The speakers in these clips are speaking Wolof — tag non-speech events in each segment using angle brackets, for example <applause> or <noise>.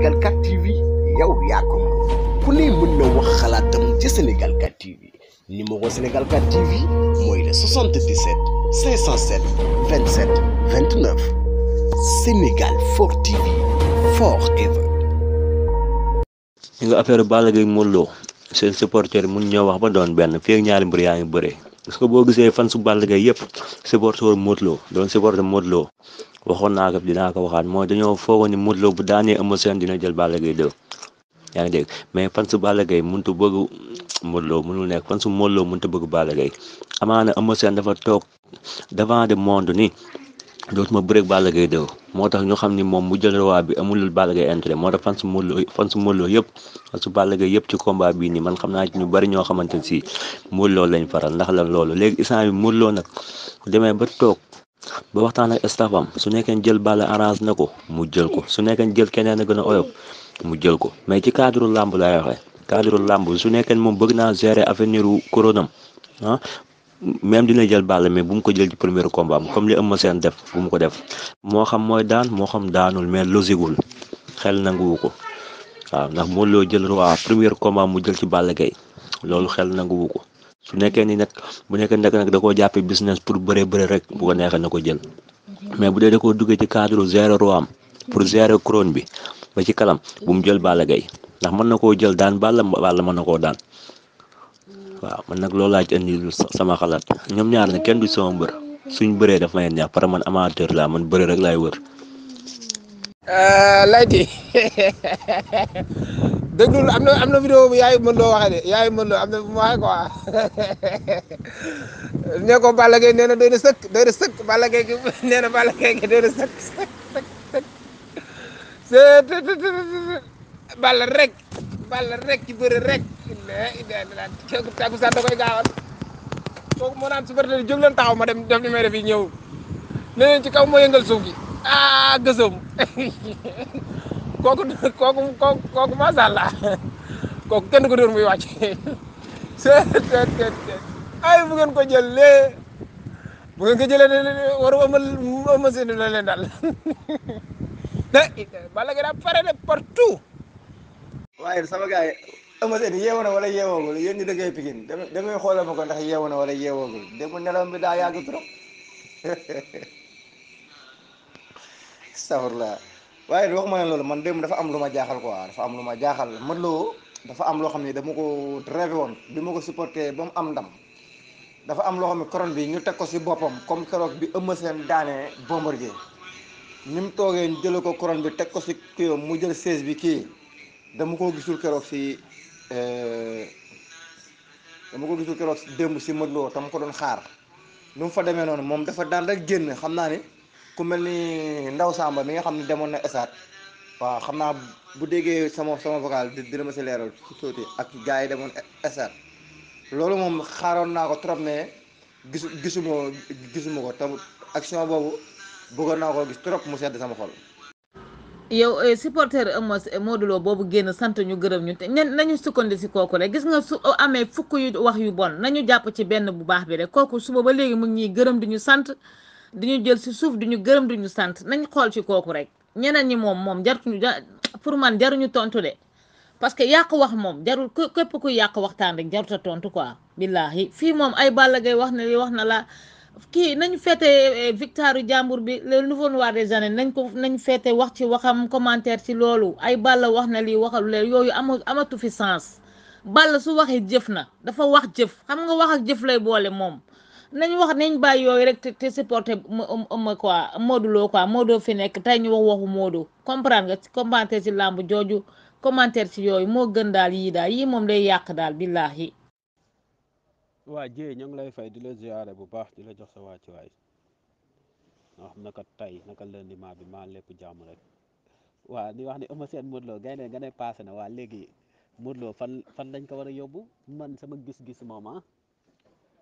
Sénégal 4 TV yow ci Sénégal 4 TV numéro Sénégal 4 TV mooy le 77 507 27 29 Sénégal 4 TV affaire Balla Gaye Modou seen supporter mun ñoo wax ba doon benn fi ak ñaari mbir yaa ngi bëree parce que boo gisee fan su Balla Gaye yëpp supporter Modou Lo doon supporter Modou waxoon naa ko dinaa ko waxaat mooy dañoo foogoon ni Modou Lo bu daanee Eumeu Sène dina jël Balla gay 2 yaa mais fan su Balla Gaye mënut bëgg Modou Lo nekk fan su Modou Lo mënut bëgg Balla Gaye amaana Eumeu Sène dafa toog devant de monde ni dootuma bëreeg Balla Gaye 2 moo tax ñu xam ni moom mu jël roi bi amulul Balla Gaye intérêt moo tax fan su Modou Lo fan yëpp fan su Balla Gaye yëpp ci combat bii nii man xam naa ñu bari ñoo xamante ne si Modou Lo lañ faral ndax lan loolu léegi instant bi Modou nag demee ba toog. ba waxtaan ak staff su nekkee jël Balla arrange na ko mu jël ko su nekkee jël keneen a gën a oyof mu jël ko mais ci cadre làmb lay waxee cadre làmb su nekkee moom bëgg naa gérer avenir u koronam ah dina jël Balla mais bu mu ko jël ci premier combat am comme li Eumeu seen def bu mu ko def moo xam mooy daan moo xam daanul mais logiqueul xel nanguwu ko waaw ndax moo loo jël roi premier combat mu jël ci Balla Gaye loolu xel nanguwu ko. su nekkee ni nag bu nekkee ni nag da koo jàppee business pour bëre bëre rek bu ko neexee na ko jël mais bu dee da koo duggee ci cadre gérer roam pour gérer couronne bi ba ci kalam bu mu jël Balla gay ndax mën na koo jël daan Balla Balla mën na koo daan waaw man nag loolu laa ci indi sama xalaat ñoom ñaar ne kenn du sama mbër suñ bëree daf may neex pare man amateur laa man bëre rek laay wër. Euh, <laughs> déglul am na am na vidéo bu yaay mën loo waxee de yaay mën am na bu ma waxee quoi <laughs> ne ko Balla Gaye nee na doy na sëkk doy na sëkk Balla Gaye gi <laughs> nee na Balla Gaye gi na rek Balla rek ci bëri rek kooku tàggu gaawal kooku moo naan supporter yi jóg leen taxaw ma dem def li may def yi ñëw leneen ci kaw moo yëngal suuf gi ah gësëm <laughs> kok kooku kok kok kok allah kooku kenn ko dóor muy wàcc seet seet seet ay bu ngeen ko jëlee bu ngeen ko jëlee war a amal amal seen la leen daal bala nga pare de partout. sama gars yi amal seen yeewu na wala yeewoogul yéen ñi dëggee Pikine damay xoolal ma ko ndax yeewu wala yeewoogul dégg nga nelaw bi daa yàgg trop. <laughs> astaghfirullah waaye wax ma ne loolu man démb dafa am lu ma jaaxal quoi dafa am lu ma jaaxal Modou Lo dafa am loo xam ni dama ko rêvé woon bi ma ko supporté ba mu am ndam dafa am loo xam ne couronne bi ñu teg ko si boppam comme keroog bi Eumeu Sène daanee gi ni mu toogee ñu jëlee ko couronne bi teg ko si kii mu jël seize bi kii dama ko gisul keroog si euh, dama ko gisul keroog si démb si Modou Lo tam ko doon xaar nu mu fa demee noonu moom dafa daan rek génn xam naa ni. ku mel ni ndaw Samba mi nga xam ne demoon na esaat waaw xam naa bu déggee sama sama vocal dina ma si leeral tuuti ak gars yi demoon esaat loolu moom xaaroon naa ko trop mais gisu gisuma gisuma ko tam action boobu bëggoon naa ko gis trop mu sedd sama xol. yow eh, supporter Amos eh, Modou Lo boobu génn sant ñu gërëm ñu te nañu sukkandi si kooku rek gis nga su eh, amee fukk yu wax yu bon nañu jàpp ci benn bu baax bi rek kooku suba ba léegi mu ngi gërëm di ñu sant. ñu jël si suuf ñu gërëm duñu sant nañ xool ci kooku rek ñeneen ñi moom moom jartuñu pour man jaruñu tontu de parce que yàq wax moom jarul képp ku yàq waxtaan rek jaruta tontu quoi billaahi fii moom ay Balla Gaye wax na li wax na la kii nañ feete eh, victoire jàmbur bi le nouveau noir des années nañ ko nañ feete wax ci waxam commentaire ci loolu ay Balla wax na lii waxalu leen yooyu ama amatu fi sens Balla su waxee jëf na dafa wax jëf xam nga wax ak jëf lay boole moom nañ wax nañ bàyyi yooyu rek te supporté ma quoi Modou Lo quoi Modou fi nekk tey ñu wax waxu Modou comprendre nga commentaire ci làmb jooju commentaire ci yooyu moo gën daal yii daal yii moom day yàq daal billaahi waa jee ñoo ngi lay fay di la ziyaare bu baax di la jox sa wàccu waay wax naka tey naka lundi maa bi maa lépp jàmm rek waa di wax ni Eumeu Sène Modou Lo gaynde nga ne paase na waa léegi Modou fan fan lañ ko war a yóbbu man sama gis-gis moom ah.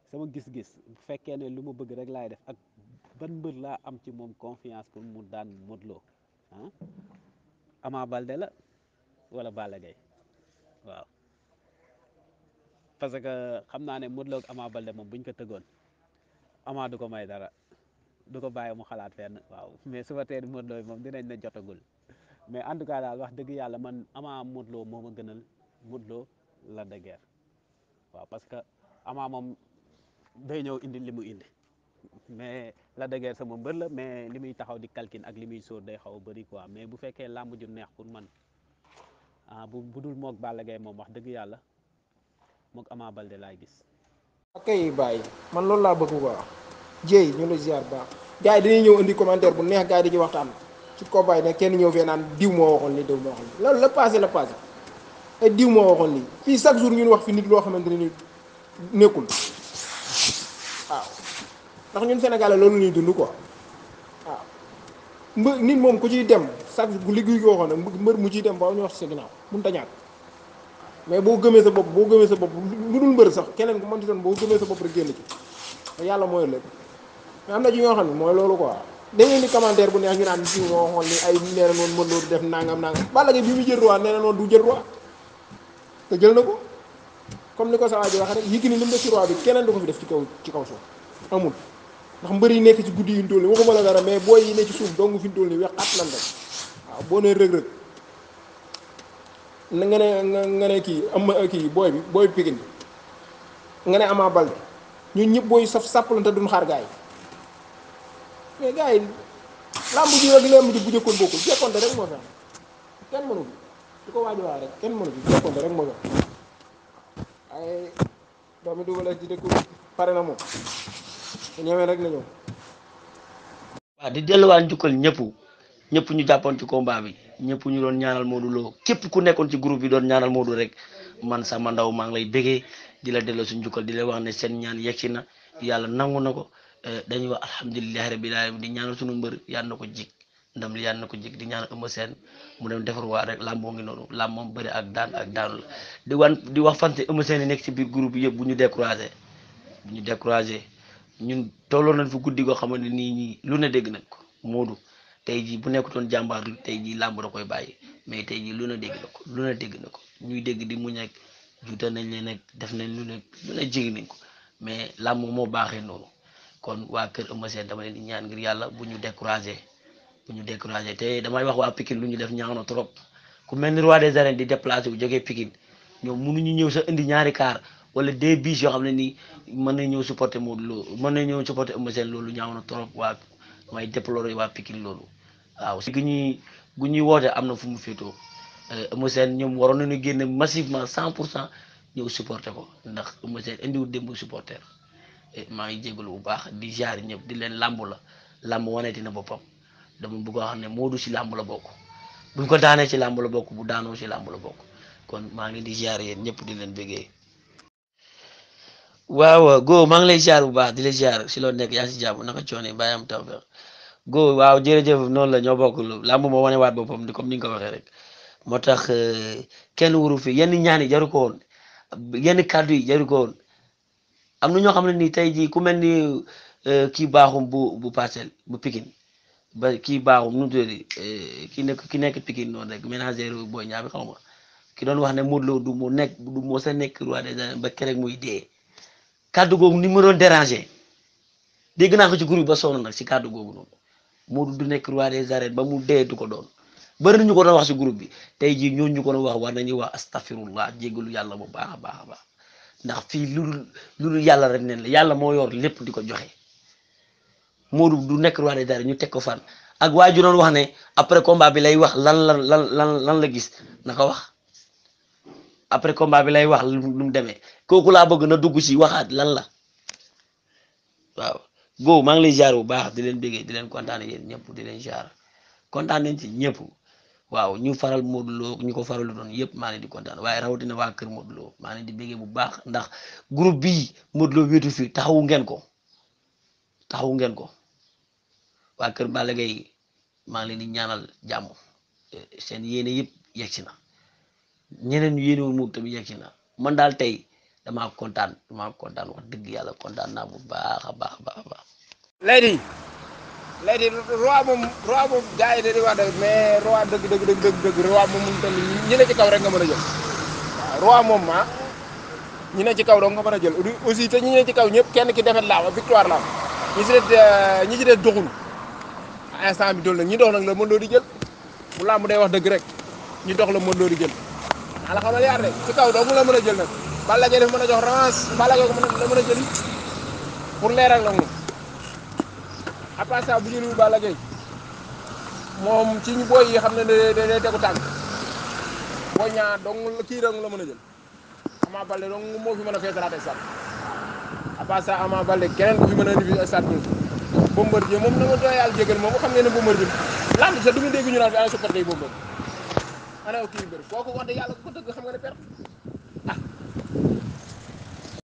sama gis-gis bu fekkee ne lu ma bëgg rek laay def ak ban mbër laa am ci moom confiance pour mu daan Modou Lo ah? balde la wala Balla Gaye waaw parce que xam naa ne Modou Lo ak Ama Baldé moom buñ ko tëggoon Ama du ko may dara du ko bàyyi mu xalaat fenn waaw mais su ma tee Modou moom dinañ na jotagul mais en tout cas daal wax dëgg yàlla man Ama Modou Lo moo ma gënal Modou Lo la de waaw parce que Ama moom. day ñew indi limu indi mais la de Guiers sama mbeur la mais limuy taxaw di calcul ak limuy muy day xaw a quoi mais bu fekkee lamb ju neex pour man ah bu budul mok moog mom wax dëgg yalla mok Ama balde lay gis. akay bay man lool la bëgg quoi jey ñu la ziar ba gaay dañuy ñew indi commentaire bu neex gaay di dañuy waxtaan ci ko bay ne kenn ñew fee naan diw mo waxon li diw mo waxon lool la passé la passé ay eh, diw mo waxon li fi chaque jour ñu wax fi nit lo xamanteni nekul ndax ñun Sénégalais loolu ñuy dund ko waaw mbë nit moom ku ciy dem chaque liggéey ko waxoon nag mbër mu ciy dem ba ñu wax sa ginnaaw mënut a ñàkk mais boo gëmee sa bopp boo gëmee sa bopp lu dul mbër sax keneen ku mënti doon boo gëmee sa bopp rek génn ci yàlla mooy lépp mais am na ci ñoo xam ne mooy loolu quoi da ngeen di commentaire bu neex ñu naan ci moo waxoon ni ay nee na noonu mën def nangam nangam Balla Gaye bi mu jël roi nee na noonu du jël roi te jël na ko comme ni ko sa waa ji waxee keneen du ko def ci kaw ci kaw suuf amul ndax mbër yi nekk ci guddi yu ñu toll nii waxuma la dara mais booy yi ne ci suuf dong fi ñu toll nii wex at lan rek waaw boo nee rëg-rëg nga ne nga ne kii am kii booy bi booy Pikine nga ne Ama Baldé ñun ñëpp booy saf sàppalante duñ xaar gars yi mais gars yi làmb ji ak làmb ji bu jëkkoon bokkul jekkonte rek moo fi kenn mënu fi di ko waaj waa rek kenn mënu fi jekkonte rek moo fi am ay doomi dugalal ji dëkk pare na moom su ñëwee di delluwaat jukkal ñëpp ñëpp ñu jàppoon ci combat bi ñëpp ñu doon ñaanal Modou Lo képp ku nekkoon ci groupe bi doon ñaanal Modou rek man sama ndaw maa ngi lay bégee di la delloo suñu njukkal di la wax ne seen ñaan yegg na yàlla nangu na ko eh, dañuy wax alhamdulilah rabbil alamin di ñaanal suñu mbër yàlla na ko jig ndam li yàlla na ko jig di ñaanal Eumeu seen mu dem defarwaat rek làmb moo ngi noonu làmb moom ak daan ak daanu la di wax fante Eumeu Sène nekk ci biir groupe bi yëpp bu ñu découragé ñu découragé. ñun tolloo nañ fa guddi goo xamante nii lu na dégg nag ko Moodu tey jii bu nekkutoon jàmbaar tey jii làmb da koy bàyyi mais tey jii lu na dégg na ko lu ne dégg na ko ñuy dégg di mu nekk juutal nañ leen ak def nañ lu ne lu ko mais làmb moo baaxee noonu kon waa kër Eumeu Sène dama leen di ñaan ngir yàlla bu ñu découragé bu ñu découragé te damay wax waa Pikine lu ñu def ñaaw na trop ku mel ni roi de arènes di déplacé pikin jógee mun u ñu ñëw sa indi ñaari kaar wala des bis yoo xam ne nii mën nañ ñëw supporter Modou Lo mën na ñëw supporter Eumeu Sène loolu ñaaw na trop waa may déplorer waa Pikine loolu waaw si gi ñuy gu ñuy woote am na fu mu féetoo euh, Eumeu Sène ñoom waroon nañu génne massivement cent pour cent ñëw supporter ko ndax Eumeu Sène indiwul démb supporter maa ngi jégalu bu baax di jaar ñëpp di leen làmb la làmb waneeti na boppam dama bëgg a xam ne Modou si làmb la bokk buñ ko daanee ci làmb la bokk bu daanoo ci làmb la bokk kon maa ngi di jaar yéen ñëpp di leen bëggee waaw go maa ngi lay ziar bu baax di la ziar si loo nekk yaa si jàmm naka coono bàyyi am taw feex góo waaw jërëjëf noonu la ñoo bokk làmb moo wane waat boppam di ni ko waxee rek moo tax euh, kenn wuru fi yenn ñaan yi jaru ko woon yenn yi jaru ko am na ñoo xam ne nii tey jii ku mel ni euh, kii baaxum bu bu parcelle bu pikin ba kii baaxum nu mu tuddati euh, ki nekk ki nekk pikin noonu rek ménagère booy ñaabi xaw ma ki doon wax ne Modou Lo du mu nekk du moo sa nekk roi des arènes ba keroog muy dee. kàddu googu ni mu doon dérangé dégg naa ko ci groupe ba sonn nag si kàddu googu noonu Modou du nekk roi des arènes ba mu dee du ko doon bëri nañu ko doon wax si groupe bi tey jii ñooñu ñu ko doon wax war nañuy wax astafirullah jéggalu yàlla bu baax a baax baax ndax fii lu lu yàlla rek neen la yàlla moo yor lépp di ko joxe Modou du nekk roi des arènes ñu teg ko fan ak waa ju doon wax ne après combat bi lay wax lan la lan lan lan la gis naka wax. après combat bi lay wax lu mu demee kooku laa bëgg na dugg ci waxaat lan la waaw go maa ngi lay jaar bu baax di leen déggee di leen kontaan yéen ñëpp di leen jaar kontaan nañ ci ñëpp waaw ñu faral moduloo ñu ko faralu doon yëpp maa ngi di kontaan waaye raw rawatina waa kër Modou Lo di déggee bu baax ndax groupe bii Modou Lo wéetu fii taxawu ngeen ko taxawu ngeen ko waa kër Balla Gaye maa ngi leen di ñaanal jàmm seen yéene yëpp yegg si na. ñeneen ñu yéenewul moom tamit yegg si na man daal tey dama kontaan dama kontaan wax dëgg yàlla kontaan naa bu baax a baax a baax a baax. léegi léegi roi moom roi moom gars yi dañuy wax dëgg mais roi dëgg dëgg dëgg dëgg dëgg roi moom mu toll ñi ne ci kaw rek nga mën a jël roi moom ma ah, ñi ne ci kaw rek nga mën a jël aussi te ñi ne ci kaw ñëpp kenn ki defet laa victoire laa ñi ci des euh, ñi ci des doxul instant bi doon nag ñi dox nag la mën loo di jël bu laa mu day wax dëgg rek ñi dox la mën loo di jël alxamal yaar de ci kaw dong la mën a jël nag balla gay def mën a jox revanche balla gay ko mën a mën a jël pour leeral nag moom à part ça bu balla gay ci ñu boy yi dong la kii dong la mën jël ama balde dong moo fi mën a feesalaat ça ama balde keneen ko fi mën a indi stade bi bombardier moom na ma doyal jégal moom xam ngeen bombardier sa dégg ñu bombardier xanaa kii mbër kooku wax dëgg yàlla ko dëgg xam nga ne perte